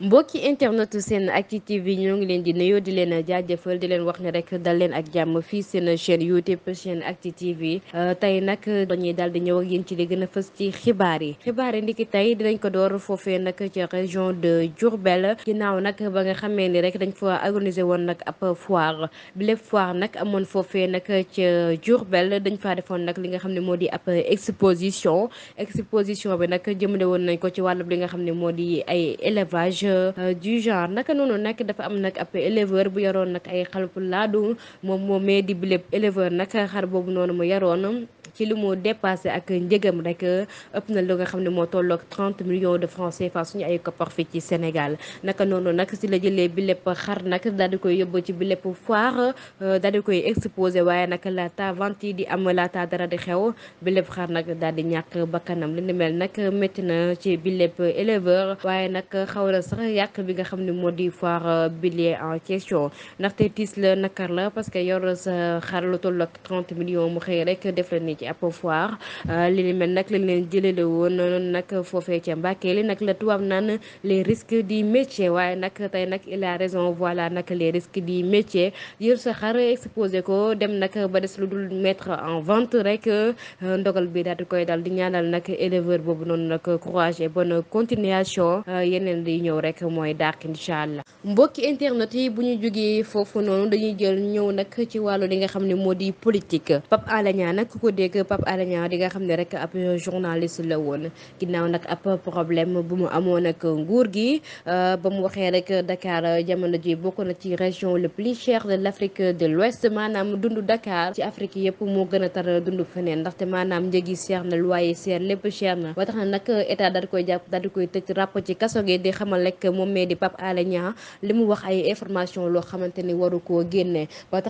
mbokki internet seen acti tv ñoo ngi leen di nuyoo di leen jaajëfal di leen wax ne rek dal leen ak jàmm fii seen chaîne youtube chaîne acti tv euh, tey nag dañuy daal di ñëw ak yéen ci li gën a fës ci xibaar yi xibaar yi ndiki tey dinañ ko door foofee nag ci région de Diourbel ginnaaw nag ba nga xamee ni rek dañ fa organiser woon nag ab foire bi lépp foire nag amoon foofe nag ci Diourbel dañ faa defoon nag li nga xam ne moo di ab exposition exposition bi nag jëmale woon nañ ko ci wàllum li nga xam ne moo di ay élevage Euh, du genre naka noonu nag dafa am nag ab éleveur bu yoroon nag ay xar bu laadu moom moomee di bileb éleveur nag xar boobu noonu mu yaroon ci li mu dépassé ak njëgam rek ëpp na lu nga xam ne moo tolloog 30 millions de francs CFA suñu ay koppar fii ci Sénégal naka noonu nag si la jëlee bi lépp xar nag daal di koy yóbbu ci bi lépp foire euh, di koy exposé waaye nag la vente yi di am laata dara di xew bi lépp xar nag daal di ñàkk bakkanam li ni mel nag métti na ci bi lépp éleveur waaye nag xaw na sax yàq bi nga xam ni moo di foire bélier en question ndaxte tiis la nakar la parce que yor sa xar lu tolloog 30 millions mu xëy rek def la ab foire euh, li li mel nag lañ leen jëlale woon noonu nag foofee ca Mbàkke li nag la tubaab naan les risques du métier waaye nag tey nag il la raison voilà nag les risque du métier yër sa xar exposé ko dem nag ba des lu dul mettre en vente rek euh, ndogal bi daal di koy dal di ñaanal nag éleveur boobu noonu nag courage et continuation euh, yeneen di ñëw rek mooy dàq incha allah mbokki internet yi bu ñu jógee foofu noonu dañuy jël ñëw nag ci wàllu li nga xam ne moo di beeg Pape Alé Niang di nga xam ne rek ab journaliste la woon ginnaaw nag ab problème bu mu amoon ak nguur gi euh, ba mu waxee rek Dakar jamono ji bokk na ci région le plus cher de l'Afrique de l'Ouest maanaam dundu Dakar ci Afrique yëpp moo gën a tar dundu feneen ndaxte maanaam njëgi cher na loyer cher lépp cher na ba tax na nag état daal di koy jàpp daal di koy tëj ràpp ci kaso gi di xamal rek moom mee di Pape Alé Niang li mu wax ay information loo ni waru koo génne ba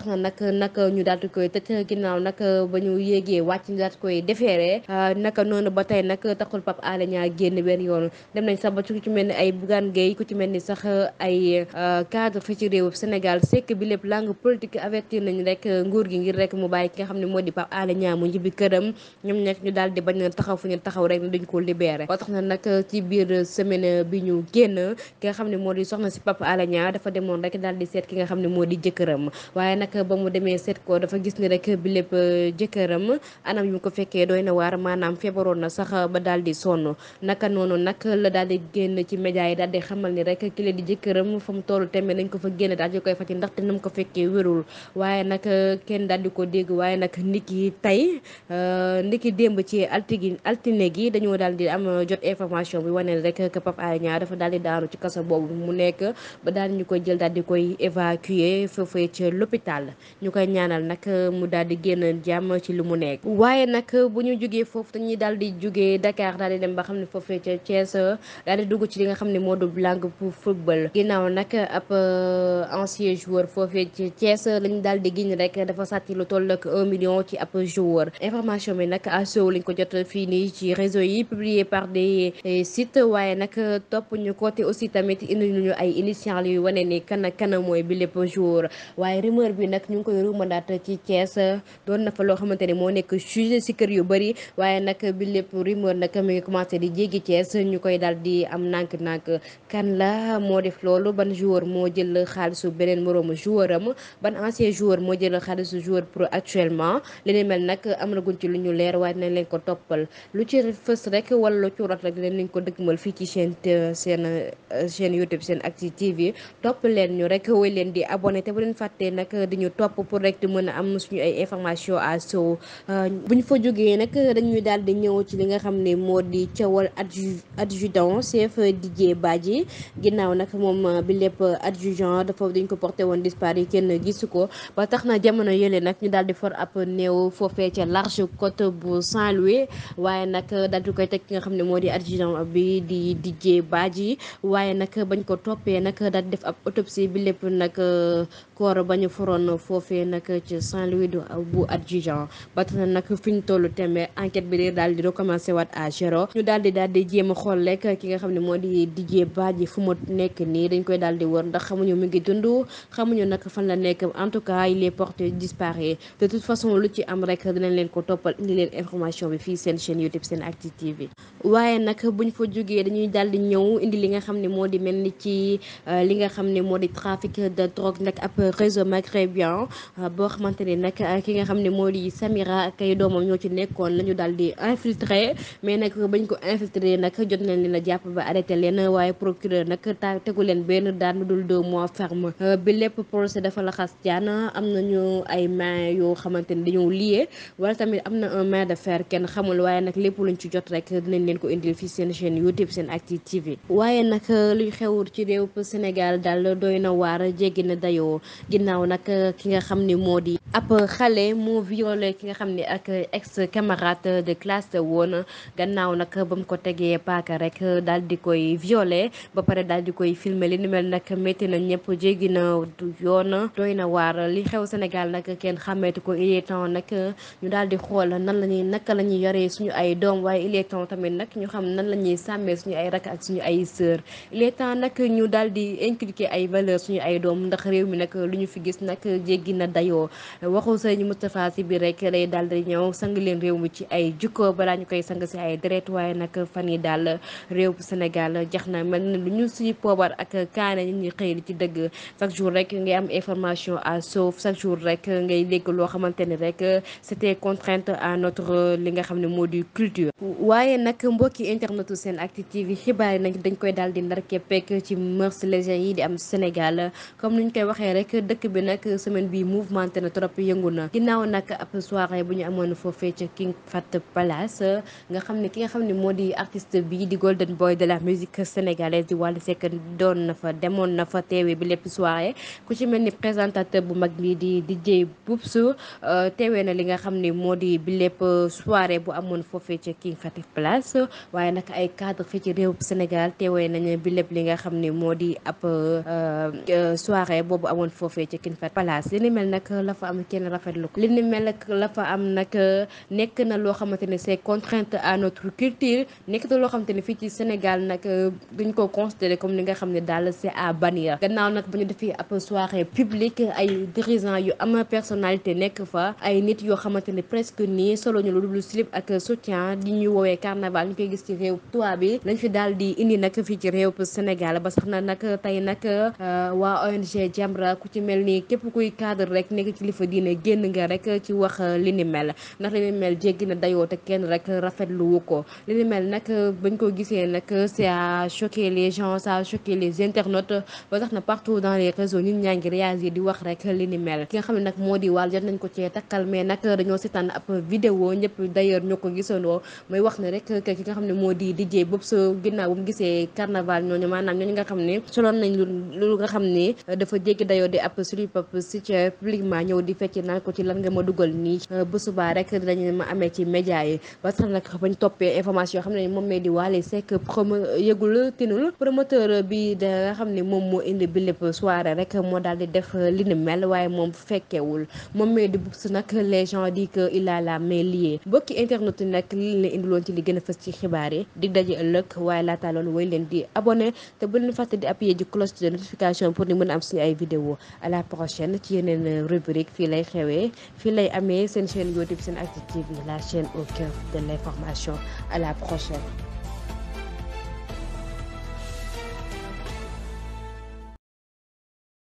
wàcc daat koy defeeree euh, naka noonu ba tey nag taxul Pape Alé Niang génn benn yoon dem nañ sax ba ci ku ci mel ni ay Bougane Gueye ku ci mel ni sax euh, ay euh, cadre fi ci réew Sénégal sekk bi lépp langue politique avertir nañ rek nguur gi ngir rek mu bàyyi ki nga xam ne moo di Pape Alé Niang mu njibbi këram ñoom nekk ñu daal di bañ taxaw fu ñu taxaw rek ne dañ ko libéré ba tax na nag ci biir semaine bi ñu génn ki nga xam ne moo di soxna si Pape Alé Niang dafa demoon rek daal di seet ki nga xam ne moo di jëkkëram waaye nag ba mu demee seet ko dafa gis ni rek bi lépp jëkkëram anam yu ko fekkee doy na waar maanaam feebaroon na sax ba daal di sonn naka noonu nag la daal di génn ci média yi daal di xamal ni rek ki leen di jëkkëram fa mu toll temee nañ ko fa génn daal di koy faj ndaxte nam ko fekkee wérul waaye nag kenn daal di ko dégg waaye nag niki tey euh, niki démb ci altigi altine gi dañoo daal di am jot information bi waneel rek que Pape Alé dafa daal di daanu ci kaso boobu mu nekk ba daal ñu koy jël daal di koy évacuer foofee ci l'hôpital ñu koy ñaanal nag mu daal di génn jàmm ci li mu nekk waaye nag bu ñu jógee foofu dañuy daal di jógee Dakar daal di dem ba xam ne foofee ca Thiès daal di dugg ci li nga xam ne moo du langue pour football ginnaaw nag ab euh, ancien joueur foofee ca Thiès lañu daal di génn rek dafa sàcc lu toll ak un million ci ab joueur information bi nag aso lañ ko jot fii nii ci réseau yi publié par des sites waaye nag topp ñu côté aussi tamit indi ñu ay initial yu wane ni kan ak kan mooy bi lépp joueur waaye rumeur bi nag ñu ngi koy rumandaat ci Thiès doon na jugé si kër yu bëri waaye nag bi lépp rumeur nag mi ngi commencé di jéggi Thiès ñu koy daal di am nànk-nànk kan la moo def loolu ban joueur moo jël xaalisu beneen moroomu joueur am ban ancien joueur moo jël xaalisu joueur pro actuellement li ni mel nag am na guñ ci lu ñu leer waaye dinañ leen ko toppal lu ci fës rek wala lu ci rot rek dinañ leen ko dëgmal fii ci seen seen euh, chaîne YouTube seen Actu topp leen ñu rek woy leen di abonné te a campagne bu ñu fa jógee nag dañuy daal di ñëw ci li nga xam ne moo di coowal adjudant chef Didier Badji ginnaaw nag moom uh, bi lépp uh, adjudant dafa dañ ko porté woon disparu kenn gisu ko ba tax na jamono yële nag ñu daal di for ab new foofee ca large côte bu saint waaye nag daal koy teg ki nga xam ne moo di adjudant bi di Didier Badji waaye nag bañ ko toppee nag daal def ab autopsie bi lépp nag uh, koor bañu foroon foofee nag ci Saint-Louis bu adjudant nag fi ñu toll tembe enquête bi de daal di waat à zéro ñu daal di jéem a xool rek ki nga xam ne moo di Didier Badji fu mu nekk nii dañ koy daal wër ndax xamuñu mu ngi dund xamuñu nag fan la nekk en tout cas il est porté disparu de toute façon lu ci am rek dinañ leen ko toppal indi leen information bi fii seen chaîne YouTube SENactu TV waaye nag buñ fa jógee dañuy daal ñëw indi li nga xam ne moo di mel ni ci euh, li nga xam ne moo ay doomam ñoo ci nekkoon la ñu daal di infiltré mais nag bañ ko infiltré nag jot nañ leen a jàpp ba arrêté leen waaye procureur nag ta benn daan dul deux mois euh, bi lépp procès dafa la xas jaan am nañu ay main yoo xamante ni dañoo lié wala tamit am na un main de fer kenn xamul waaye nag lépp luñ ci jot rek dinañ leen ko indil fii seen chaîne YouTube seen Actu TV waaye nag euh, luy xewul ci réew Sénégal daal doy na waar jéggi na dayoo ginnaaw nag ki nga xam ni moo di ab xale moo violé ki nga xam ni ak ex camarade de classe woon gannaaw nag bam ko tegee paaka rek daal di koy violé ba pare daal di koy filme li ni mel nag métti na ñëpp jéggi na yoon doy na waar li xew Sénégal nag kenn xàmmeetu ko il nag ñu daal di xool nan la ñuy naka la ñuy yoree suñu ay doom waaye il tamit nag ñu xam nan la ñuy sàmmee suñu ay rakk ak suñu ay sœur il est nag ñu dal di inculquer ay valeurs suñu ay doom ndax réew mi nag lu ñu fi gis nag jéggi na dayoo waxu sëñ Moustapha Sy bi rek lay daal ñëw sang leen réew mi ci ay jukko balaa ñu koy sang si ay deret waaye nag fan yi daal réew bu Sénégal jax na mel na lu ñu si poobar ak kaane nit ñi xëy ci dëgg chaque jour rek ngay am information à sauf chaque jour rek ngay dégg loo xamante ni rek c'était contrainte à notre li nga xam ne moo di culture waaye nag mbokki internetu SENactu TV xibaar yi nag dañ koy daal di ndar keppek ci mœurs légers yi di am Sénégal comme nuñ koy waxee rek dëkk bi nag semaine bi mouvementé na amoon foofee ca King Fat Palace nga xam ne ki nga xam ne moo di artiste bi di golden boy de la musique sénégalaise di Wally Seck doon na fa demoon na fa teewee bi lépp soirée ku ci mel ni présentateur bu mag bi di DJ Boubs euh, teewee na li nga xam ne moo di bi lépp soirée bu amoon foofee ca King Fat Palace waaye nag ay cadre fii ci réew Sénégal teewee nañu bi lépp li nga xam ne moo di ab euh, euh, soirée boobu amoon foofee ca King Fat Palace li ni mel nag la fa am kenn rafetlu ko nag euh, nekk na loo xamante ne c'est contrainte à notre culture nekk na loo xamante ne fii ci Sénégal nag euh, dañ ko considéré comme li nga xam ne daal c'est à bannir gannaaw nag ba ñu defee ab soirée publique ay dirigeants yu am personnalité nekk fa ay nit yoo xamante ne presque nii solo ñu lu dul slip ak soutien di ñuy woowee carnaval ñu koy gis ci réew tubaab bi lañ fi daal di indi nag fii ci réew Sénégal ba sax na nag tey nag euh, waa ONG Jamra ku ci mel ni la ndax li ni mel jéggi na dayoo te kenn rek rafetlu wu ko li ni mel nag bañ ko gisee nag ça a choqué les gens ça a choqué les internautes ba tax na partout dans les réseaux nit ñaa ngi réagir di wax rek li ni mel ki nga xam ne nag moo di waal nañ ko cee takkal mais nag dañoo seetaan ab vidéo ñëpp d'ailleurs ñoo ko gisandoo mooy wax ne rek ki nga xam ne moo di DJ Bobs ginnaaw bu mu gisee carnaval ñooñu maanaam ñooñu nga xam ne soloon nañ lu nga xam ne dafa jéggi dayoo di ab slip-up si publiquement ñëw di fecc naan ko ci xibaar rek dañu ma amee ci média yi ba tax nag bañ toppee information yoo xam ne moom mee di Wally da nga xam ne moom moo indi bi lépp soirée rek moo daal di def li ni mel waaye moom fekkewul moom mee di Boups nag les gens a la main liée bokki internet yi nag li leen indiloon ci li gën a fës ci xibaar yi di daje ëllëg waaye laataa loolu way leen di abonné te bu leen fàtte di appuyer ji cloche de notification pour ni mën a am suñu ay vidéo à la prochaine ci yeneen rubrique fii YouTube SENactu TV la chaîne au cœur de l'information à la prochaine